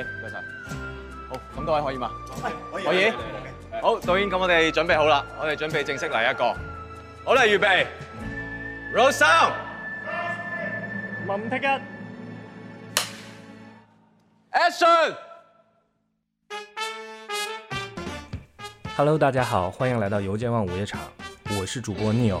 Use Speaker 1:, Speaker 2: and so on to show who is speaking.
Speaker 1: 唔該晒！好，咁多位可以嘛？可以，可以，好，導演，咁我哋準備好啦，我哋準備正式嚟一個，好啦，預備，Rose，林聽
Speaker 2: 一，Action，Hello，
Speaker 1: 大家好，歡迎來到油尖旺午夜場，我是主播 Neil